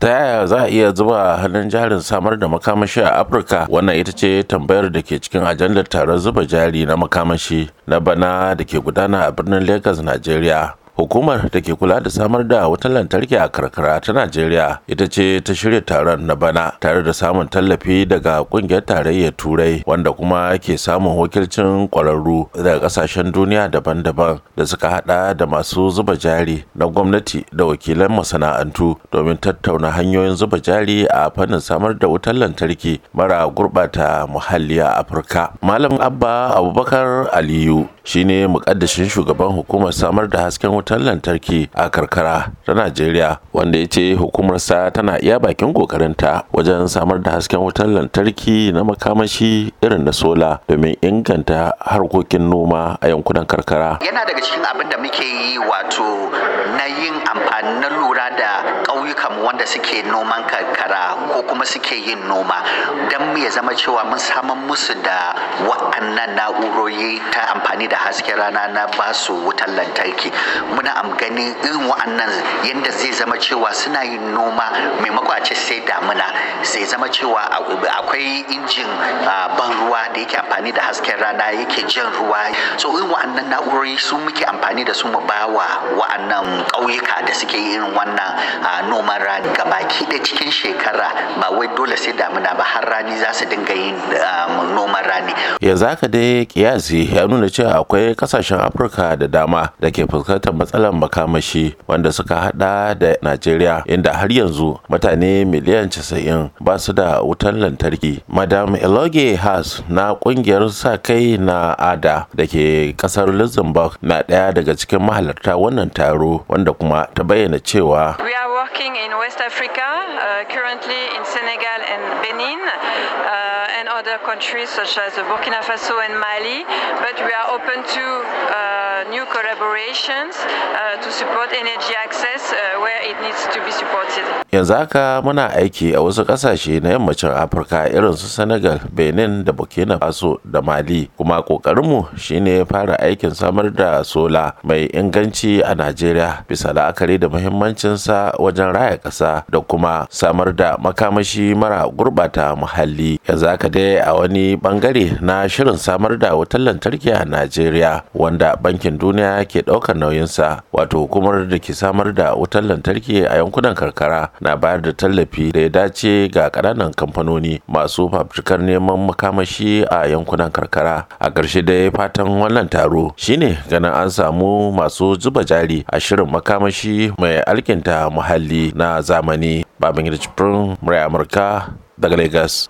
ta yaya za a iya zuba hannun jarin samar da makamashi a afirka wannan ita ce tambayar da ke cikin ajandar taron zuba jari na makamashi na bana da ke gudana a birnin lagos nigeria hukumar da ke kula da samar da wutar lantarki a karkara ta najeriya ita ce ta shirya taron na bana tare da samun tallafi daga kungiyar tarayyar turai wanda kuma ke samun wakilcin kwararru daga kasashen duniya daban-daban da suka hada da masu zuba jari na gwamnati da wakilan masana'antu domin tattauna hanyoyin zuba jari a fannin samar da wutar lantarki mara gurbata muhalli a afirka malam abba abubakar aliyu shine mukaddashin shugaban hukumar samar da hasken wuta. wutar lantarki a karkara ta najeriya wanda ya ce hukumarsa tana iya bakin kokarinta wajen samar da hasken wutar lantarki na makamashi irin na sola domin inganta harkokin noma a yankunan karkara yana daga cikin abin da muke yi wato na yin amfani na lura da ƙauyukan wanda suke noman karkara ko kuma suke yin noma don mu ya zama cewa mun saman musu da wa'annan na'urori ta amfani da hasken rana na basu wutar lantarki muna am irin wa'annan yadda zai zama cewa suna yin noma maimakon a ce sai damuna sai zama cewa akwai injin ah, ban ruwa da yake amfani da hasken rana yake jan ruwa so irin wa'annan na'urori su muke amfani da su mu bawa wa'annan ƙauyuka da suke irin wannan noman rani gabaki da cikin shekara ba wai dole sai damina ba har rani za su dinga yin noman rani yanzu haka dai kiyasi ya nuna cewa akwai kasashen afirka da dama da ke fuskantar matsalar makamashi wanda suka hada da najeriya inda har yanzu mutane miliyan 90 ba su da wutar lantarki madam eloge has na kungiyar sa kai na ada da ke kasar luxembourg na ɗaya daga cikin mahalarta wannan taro wanda kuma ta bayyana cewa working in West Africa, uh, currently in Senegal and Benin, uh, and other countries such as Burkina Faso and Mali. But we are open to uh, new collaborations to support energy access where it needs to be supported. Yanzu haka muna aiki a wasu ƙasashe na yammacin Afirka irin su Senegal, Benin da Burkina Faso da Mali. Kuma ƙoƙarinmu shine fara aikin samar da sola mai inganci a Najeriya bisa la'akari da muhimmancinsa wajen wajen raya ƙasa da kuma samar da makamashi mara gurbata muhalli yanzu haka dai a wani bangare na shirin samar da wutar lantarki a najeriya wanda bankin duniya ke ɗaukar nauyinsa wato hukumar da ke samar da wutar lantarki a yankunan karkara na bayar da tallafi da ya dace ga ƙananan kamfanoni masu fafutukar neman makamashi a yankunan karkara a ƙarshe dai fatan wannan taro shine ganin an samu masu zuba jari a shirin makamashi mai alkinta muhalli muhalli na zamani babangida cikin murai amurka daga lagos